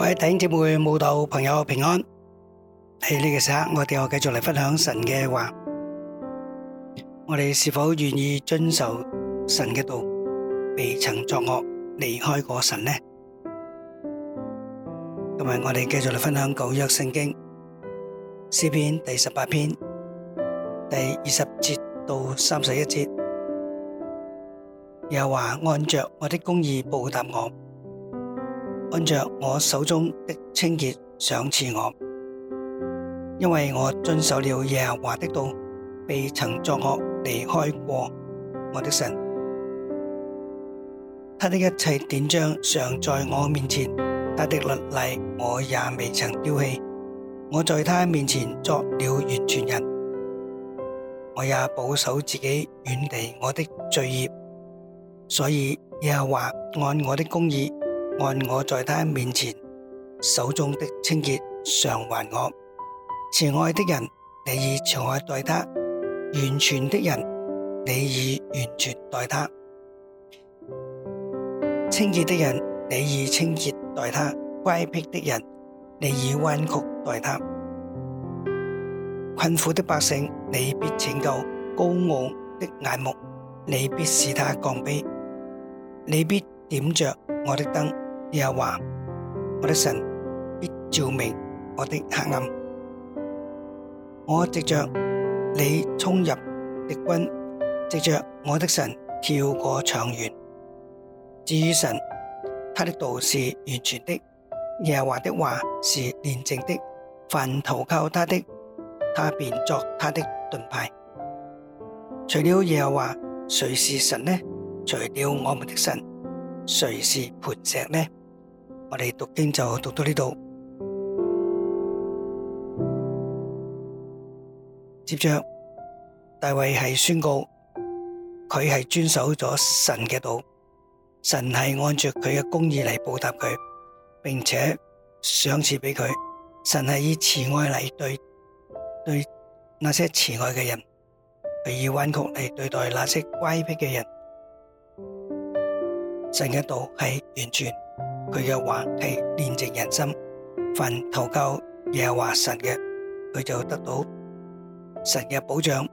各位弟兄姊妹、慕道朋友平安。喺呢個時刻，我哋又繼續嚟分享神嘅話。我哋是否願意遵守神嘅道，未曾作惡，離開過神呢？今日我哋繼續嚟分享舊約聖經詩篇第十八篇第二十節到三十一節，又話按着我的公義報答我。按着我手中的清潔賞賜我，因為我遵守了耶和華的道，未曾作惡離開過我的神。他的一切典章常在我面前，他的律例我也未曾丟棄。我在他面前作了完全人，我也保守自己遠離我的罪孽。所以耶和華按我的公義。按我在他面前，手中的清潔償還我。慈愛的人，你以慈愛待他；完全的人，你以完全待他；清潔的人，你以清潔待他；乖僻的人，你以彎曲待他。困苦的百姓，你必拯救；高傲的眼目，你必使他降卑；你必點着我的燈。耶和華，我的神必照明我的黑暗，我藉着你衝入敵軍，藉着我的神跳過長遠。至於神，他的道是完全的，耶和華的話是煉淨的，凡投靠他的，他便作他的盾牌。除了耶和華，誰是神呢？除了我們的神，誰是磐石呢？我哋讀經就讀到呢度，接着大衛係宣告，佢係遵守咗神嘅道，神係按照佢嘅公義嚟報答佢，並且賞賜畀佢。神係以慈愛嚟對對那些慈愛嘅人，佢以彎曲嚟對待那些乖僻嘅人。神嘅道係完全。佢嘅話係煉淨人心，凡投靠耶和華神嘅，佢就得到神嘅保障，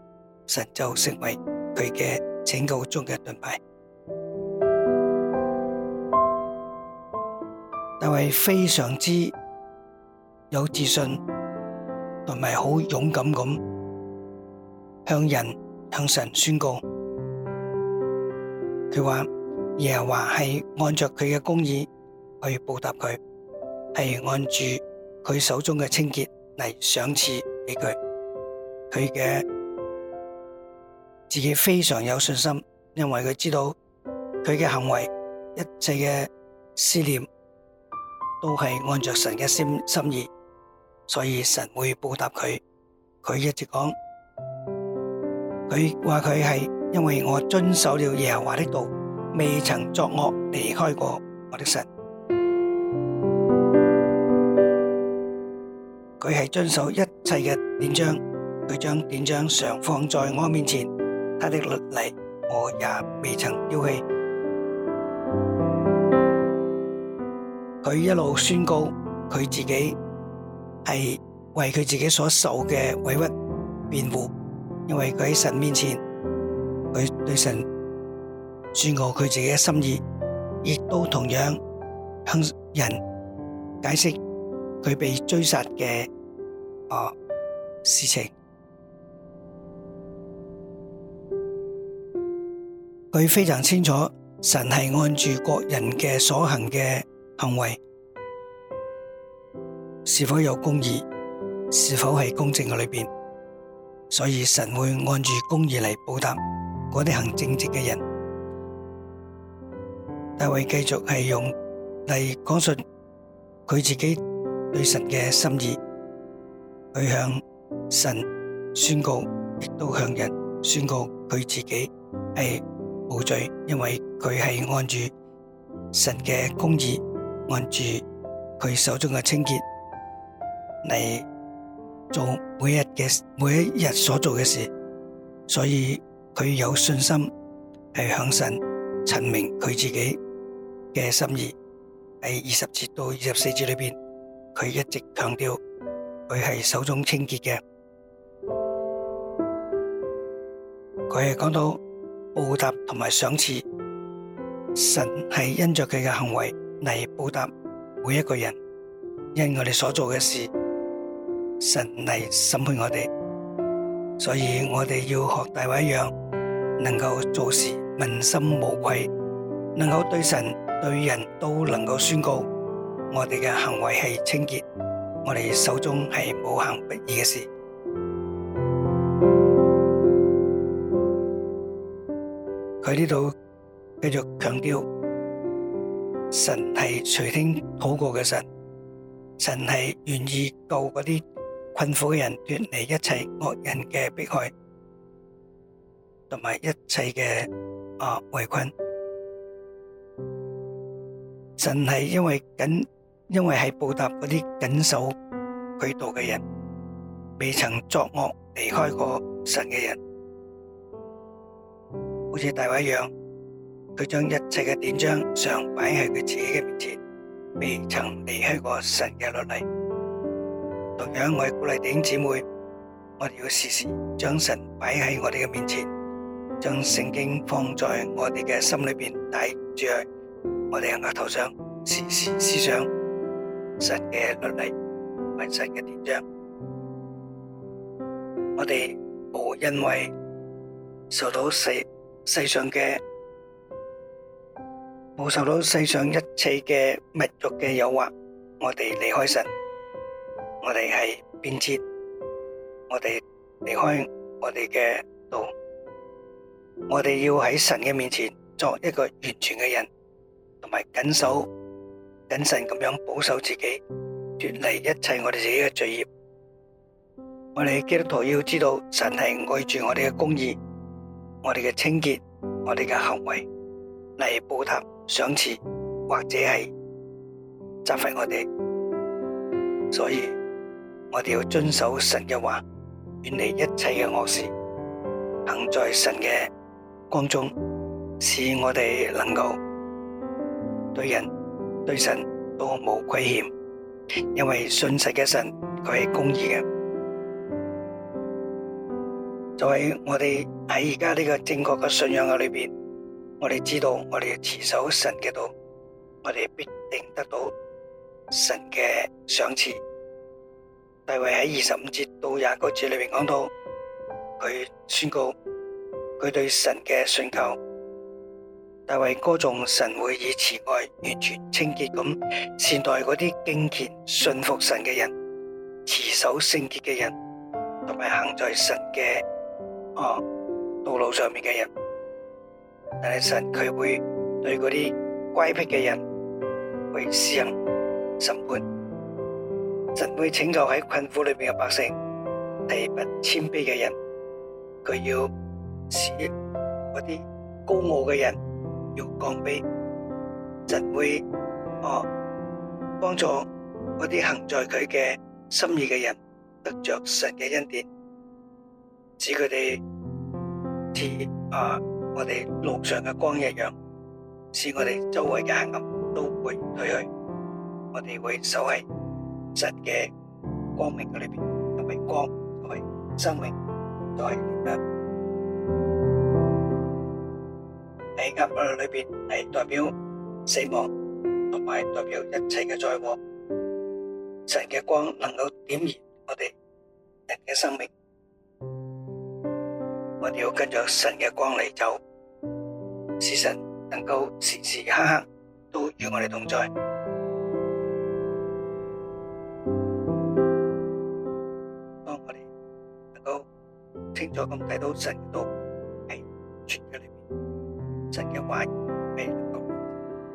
神就成為佢嘅拯救中嘅盾牌。大衛非常之有自信，同埋好勇敢咁向人向神宣告。佢話耶和華係按着佢嘅公義。去報答佢，係按住佢手中嘅清潔嚟賞賜俾佢。佢嘅自己非常有信心，因為佢知道佢嘅行為一切嘅思念都係按着神嘅心心意，所以神會報答佢。佢一直講，佢話佢係因為我遵守了耶和華的道，未曾作惡，離開過我的神。佢係遵守一切嘅典章，佢將典章常放在我面前，他的律例我也未曾丟棄。佢一路宣告佢自己係為佢自己所受嘅委屈辯護，因為佢喺神面前，佢對神宣告佢自己嘅心意，亦都同樣向人解釋。佢被追殺嘅、啊、事情，佢非常清楚神係按住各人嘅所行嘅行為是否有公義，是否係公正嘅裏邊，所以神會按住公義嚟報答嗰啲行正直嘅人。大衛繼續係用嚟講述佢自己。對神嘅心意，佢向神宣告，亦都向人宣告佢自己係無罪，因為佢係按住神嘅公義，按住佢手中嘅清潔嚟做每日嘅每一日所做嘅事，所以佢有信心係向神陳明佢自己嘅心意。喺二十節到二十四節裏邊。佢一直強調佢係手中清潔嘅，佢係講到報答同埋賞賜，神係因着佢嘅行為嚟報答每一個人，因我哋所做嘅事，神嚟審判我哋，所以我哋要學大衛一樣，能夠做事問心無愧，能夠對神對人都能夠宣告。我哋嘅行為係清潔，我哋手中係冇行不義嘅事。佢呢度繼續強調，神係垂聽禱告嘅神，神係願意救嗰啲困苦嘅人脫離一切惡人嘅迫害，同埋一切嘅啊圍困。神係因為緊。因為係報答嗰啲謹守佢道嘅人，未曾作惡離開過神嘅人，好似大衛一樣，佢將一切嘅典章常擺喺佢自己嘅面前，未曾離開過神嘅律例。同樣，我哋鼓勵弟兄姊妹，我哋要時時將神擺喺我哋嘅面前，將聖經放在我哋嘅心裏邊，睇住喺我哋嘅額頭上，時時思想。神嘅律例，神嘅典章，我哋冇因為受到世世上嘅冇受到世上一切嘅物欲嘅誘惑，我哋離開神，我哋係變節，我哋離開我哋嘅道，我哋要喺神嘅面前作一個完全嘅人，同埋謹守。謹慎咁樣保守自己，脫離一切我哋自己嘅罪孽。我哋基督徒要知道神係愛住我哋嘅公義，我哋嘅清潔，我哋嘅行為嚟報答賞賜，或者係責罰我哋。所以我哋要遵守神嘅話，遠離一切嘅惡事，行在神嘅光中，使我哋能夠對人。對神都冇虧欠，因為信實嘅神佢係公義嘅。就喺我哋喺而家呢個正確嘅信仰嘅裏邊，我哋知道我哋持守神嘅道，我哋必定得到神嘅賞賜。大衛喺二十五節到廿九節裏邊講到，佢宣告佢對神嘅信靠。大衛歌頌神會以慈愛、完全、清潔咁善待嗰啲敬虔、信服神嘅人、持守聖潔嘅人，同埋行在神嘅、啊、道路上面嘅人。但係神佢會對嗰啲乖僻嘅人會施行審判。神會拯救喺困苦裏面嘅百姓，提拔謙卑嘅人，佢要使嗰啲高傲嘅人。要降卑。神會，哦，幫助嗰啲行在佢嘅心意嘅人得着神嘅恩典，使佢哋似，啊，我哋路上嘅光一樣，使我哋周圍嘅黑暗都會褪去，我哋會守喺神嘅光明嘅裏邊，就係光，就係生命，就係力量。黑暗裏邊係代表死亡，同埋代表一切嘅災禍。神嘅光能夠點燃我哋人嘅生命，我哋要跟住神嘅光嚟走，使神能夠時時刻刻都與我哋同在。當我哋能夠清楚咁睇到神嘅道。為各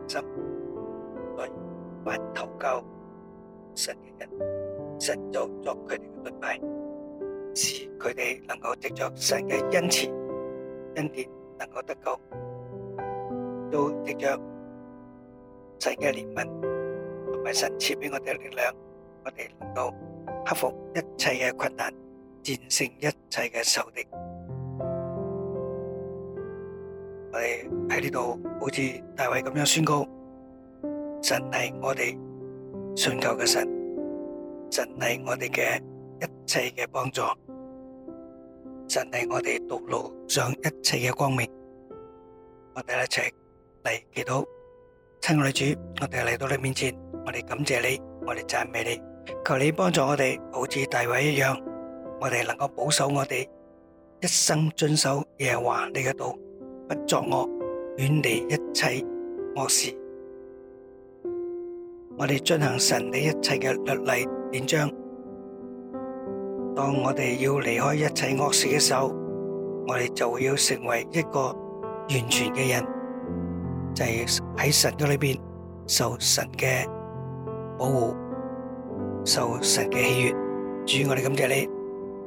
心在凡投靠神嘅人，神就作佢哋嘅盾牌，使佢哋能夠藉着神嘅恩賜、恩典，能夠得救，都藉着神嘅憐憫同埋神賜俾我哋嘅力量，我哋能夠克服一切嘅困難，戰勝一切嘅仇敵。我哋喺呢度，好似大衛咁樣宣告：神係我哋信靠嘅神，神係我哋嘅一切嘅幫助，神係我哋道路上一切嘅光明。我哋一齊嚟祈禱，親愛嘅主，我哋嚟到你面前，我哋感謝你，我哋讚美你，求你幫助我哋，好似大衛一樣，我哋能夠保守我哋一生遵守耶和華你嘅道。不作惡，遠離一切惡事。我哋遵行神嘅一切嘅律例典章。當我哋要離開一切惡事嘅時候，我哋就會要成為一個完全嘅人，就係、是、喺神嘅裏邊受神嘅保護，受神嘅喜悅。主，我哋感謝你，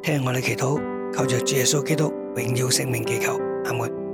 聽我哋祈禱，靠着主耶穌基督榮耀聖名祈求，阿門。